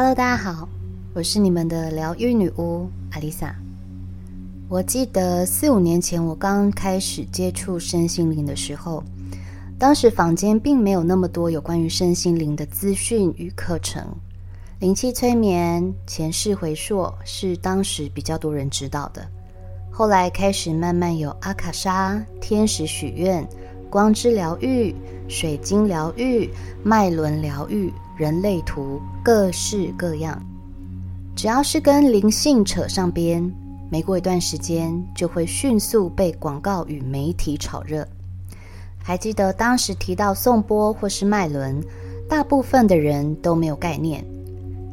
Hello，大家好，我是你們的療癒女巫阿麗莎。我記得四五年前我剛開始接觸身心靈的時候，當時坊間並沒有那麼多有關於身心靈的資訊與課程。靈氣催眠、前世回溯是當時比較多人知道的。後來開始慢慢有阿卡莎、天使許願、光之療癒、水晶療癒、脈輪療癒。人類圖各式各樣，只要是跟靈性扯上邊，沒過一段時間就會迅速被廣告與媒體炒熱。還記得當時提到頌缽或是脈輪，大部分的人都沒有概念。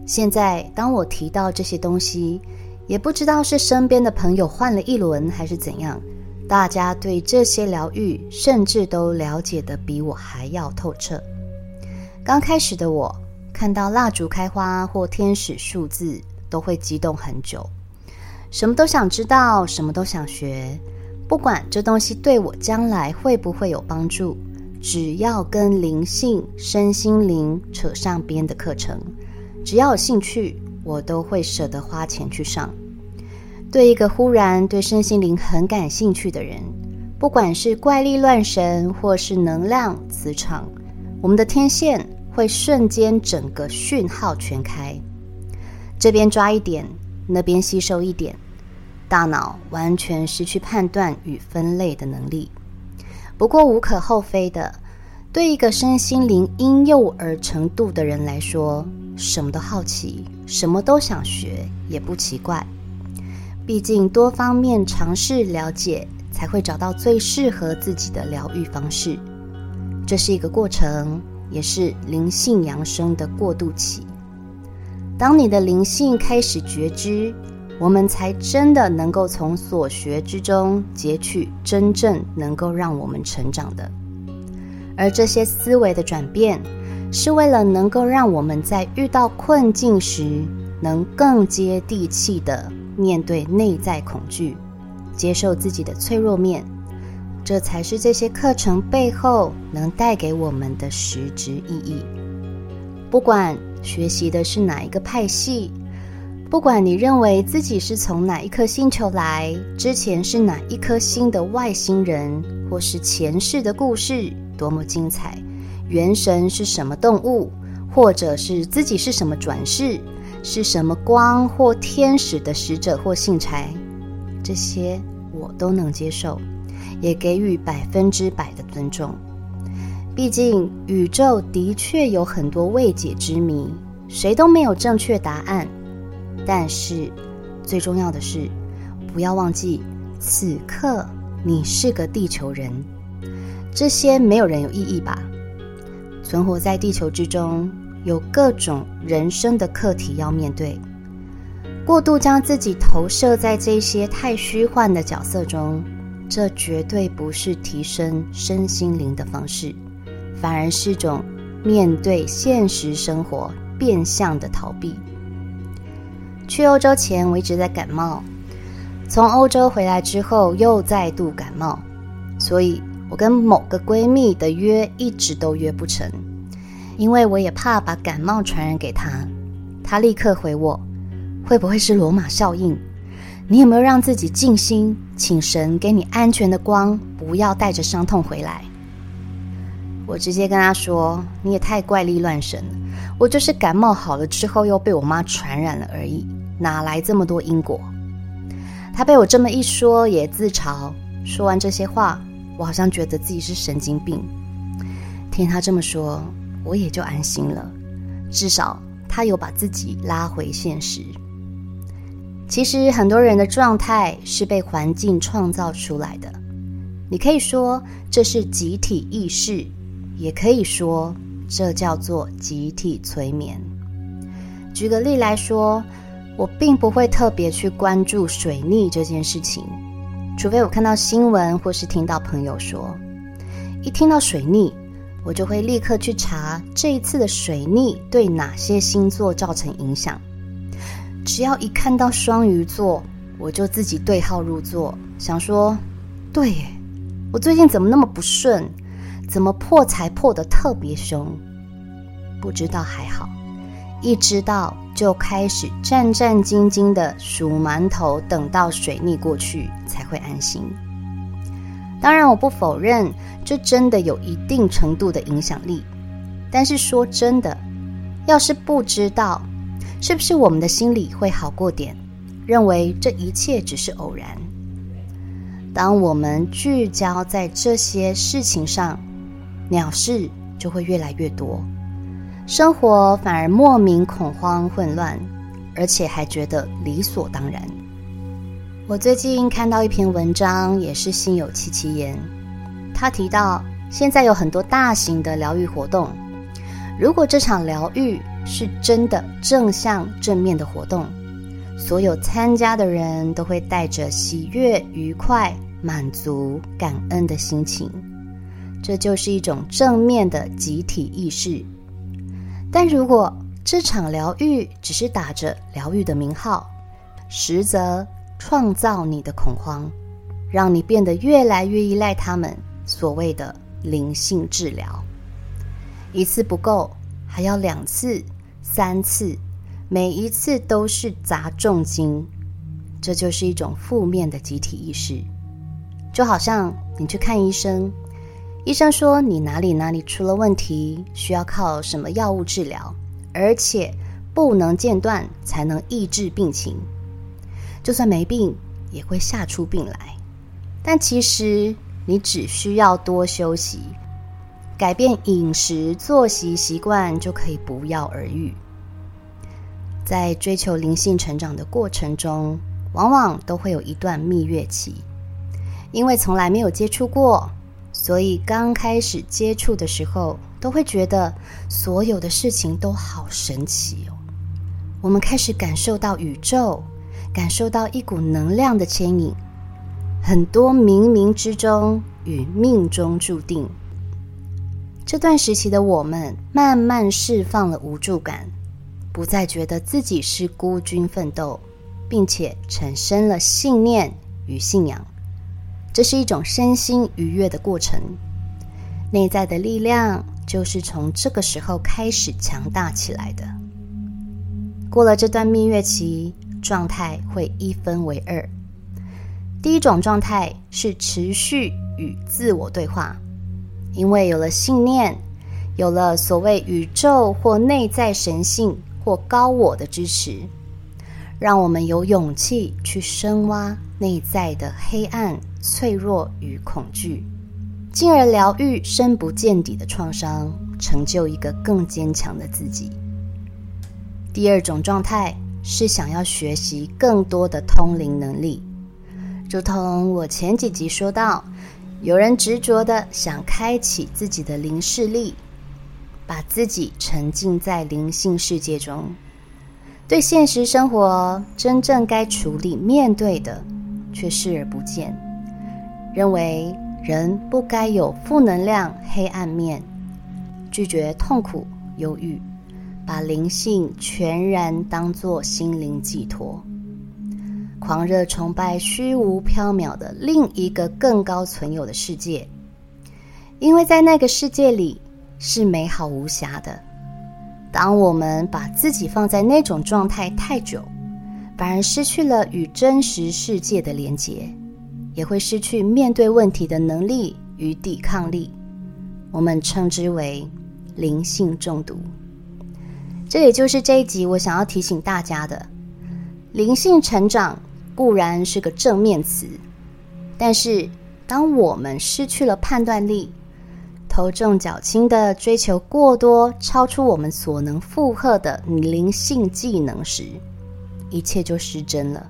現在當我提到這些東西，也不知道是身邊的朋友換了一輪還是怎樣，大家對這些療癒甚至都了解得比我還要透徹。剛開始的我，看到蠟燭開花或天使數字都會激動很久，什麼都想知道，什麼都想學，不管這東西對我將來會不會有幫助，只要跟靈性、身心靈扯上邊的課程，只要有興趣，我都會捨得花錢去上。對一個忽然對身心靈很感興趣的人，不管是怪力亂神或是能量磁場，我們的天線，會瞬間整個訊號全開，這邊抓一點，那邊吸收一點，大腦完全失去判斷與分類的能力。不過無可厚非的，對一個身心靈嬰幼兒程度的人來說，什麼都好奇，什麼都想學，也不奇怪。畢竟多方面嘗試了解，才會找到最適合自己的療癒方式，這是一個過程。也是靈性揚升的過渡期。當你的靈性開始覺知，我們才真的能夠從所學之中汲取真正能夠讓我們成長的。而這些思維的轉變，是為了能夠讓我們在遇到困境時，能更接地氣地面對內在恐懼，接受自己的脆弱面。這才是這些課程背後能帶給我們的實質意義。不管學習的是哪一個派系，不管你認為自己是從哪一顆星球來，之前是哪一顆星的外星人，或是前世的故事多麼精彩，元神是什麼動物，或者是自己是什麼轉世，是什麼光或天使的使者或信差，這些我都能接受。也給予百分之百的尊重。畢竟，宇宙的確有很多未解之謎，誰都沒有正確答案。但是，最重要的是，不要忘記，此刻你是個地球人。這些沒有人有異議吧？存活在地球之中，有各種人生的課題要面對。過度將自己投射在這些太虛幻的角色中。這絕對不是提升身心靈的方式，反而是一種面對現實生活變相的逃避。去歐洲前，我一直在感冒；從歐洲回來之後，又再度感冒，所以我跟某個閨蜜的約一直都約不成，因為我也怕把感冒傳染給她。她立刻回我：“會不會是羅馬效應？”你有沒有讓自己靜心，請神給你安全的光，不要帶着傷痛回來？我直接跟他說：“你也太怪力亂神了，我就是感冒好了之後又被我媽傳染了而已，哪來這麼多因果？”他被我這麼一說，也自嘲。說完這些話，我好像覺得自己是神經病。聽他這麼說，我也就安心了，至少他有把自己拉回現實。其實很多人的狀態是被環境創造出來的，你可以說這是集體意識，也可以說這叫做集體催眠。舉個例來說，我並不會特別去關注水逆這件事情，除非我看到新聞或是聽到朋友說，一聽到水逆，我就會立刻去查這一次的水逆對哪些星座造成影響。只要一看到雙魚座，我就自己對號入座，想說：“對，我最近怎麼那麼不順，怎麼破財破得特別凶？”不知道還好，一知道就開始戰戰兢兢的數饅頭，等到水逆過去才會安心。當然，我不否認這真的有一定程度的影響力，但是說真的，要是不知道，是不是我們的心裡會好過點，認為這一切只是偶然？當我們聚焦在這些事情上，鳥事就會越來越多，生活反而莫名恐慌、混亂，而且還覺得理所當然。我最近看到一篇文章，也是心有戚戚焉。他提到，現在有很多大型的療癒活動，如果這場療癒，是真的正向正面的活動，所有參加的人都會帶着喜悅、愉快、滿足、感恩的心情，這就是一種正面的集體意識。但如果這場療癒只是打着療癒的名號，實則創造你的恐慌，讓你變得越來越依賴他們所謂的靈性治療，一次不夠，還要兩次。三次，每一次都是砸重金，這就是一種負面的集體意識。就好像你去看醫生，醫生說你哪裡哪裡出了問題，需要靠什麼藥物治療，而且不能間斷才能抑制病情。就算沒病，也會嚇出病來。但其實你只需要多休息。改變飲食、作息習慣就可以不藥而愈。在追求靈性成長的過程中，往往都會有一段蜜月期，因為從來沒有接觸過，所以剛開始接觸的時候，都會覺得所有的事情都好神奇哦。我們開始感受到宇宙，感受到一股能量的牽引，很多冥冥之中與命中注定。這段時期的我們慢慢釋放了無助感，不再覺得自己是孤軍奮鬥，並且產生了信念與信仰。這是一種身心愉悅的過程，內在的力量就是從這個時候開始強大起來的。過了這段蜜月期，狀態會一分為二。第一種狀態是持續與自我對話。因為有了信念，有了所謂宇宙或內在神性或高我的支持，讓我們有勇氣去深挖內在的黑暗、脆弱與恐懼，進而療癒深不見底的創傷，成就一個更堅強的自己。第二種狀態是想要學習更多的通靈能力，如同我前幾集說到。有人執着地想開啟自己的靈視力，把自己沉浸在靈性世界中，對現實生活真正該處理面對的卻視而不見，認為人不該有負能量、黑暗面，拒絕痛苦、憂鬱，把靈性全然當作心靈寄託。狂熱崇拜虛無縹緲的另一個更高存有的世界，因為在那個世界裡是美好無瑕的。當我們把自己放在那種狀態太久，反而失去了與真實世界的連接，也會失去面對問題的能力與抵抗力。我們稱之為靈性中毒。這也就是這一集我想要提醒大家的靈性成長，固然是個正面詞，但是當我們失去了判斷力，頭重腳輕的追求過多、超出我們所能負荷的靈性技能時，一切就失真了。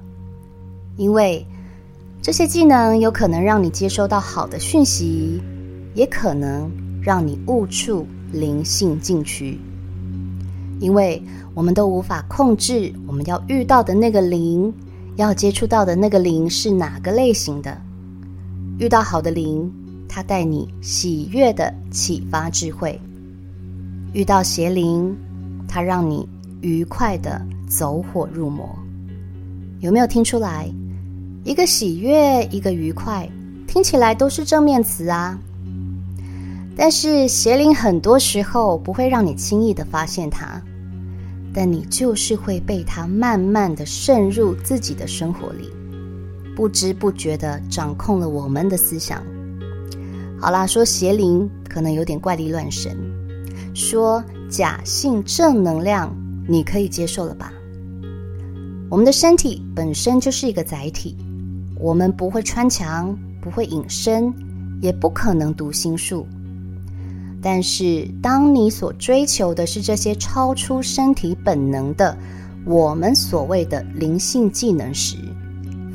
因為這些技能有可能讓你接收到好的訊息，也可能讓你誤觸靈性禁區。因為我們都無法控制我們要遇到的那個靈。要接觸到的那個靈是哪個類型的？遇到好的靈，它帶你喜悅的啟發智慧；遇到邪靈，它讓你愉快的走火入魔。有沒有聽出來？一個喜悅，一個愉快，聽起來都是正面詞啊。但是邪靈很多時候不會讓你輕易的發現它。但你就是會被它慢慢的滲入自己的生活裡，不知不覺的掌控了我們的思想。好啦，說邪靈可能有點怪力亂神，說假性正能量，你可以接受了吧？我們的身體本身就是一個載體，我們不會穿牆，不會隱身，也不可能讀心術。但是，當你所追求的是這些超出身體本能的，我們所謂的靈性技能時，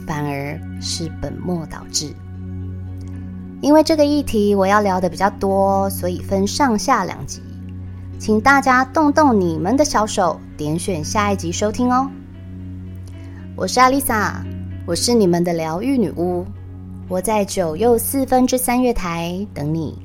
反而是本末倒置。因為這個議題我要聊的比較多，所以分上下兩集，請大家動動你們的小手，點選下一集收聽哦。我是阿麗薩，我是你們的療癒女巫，我在九又四分之三月台等你。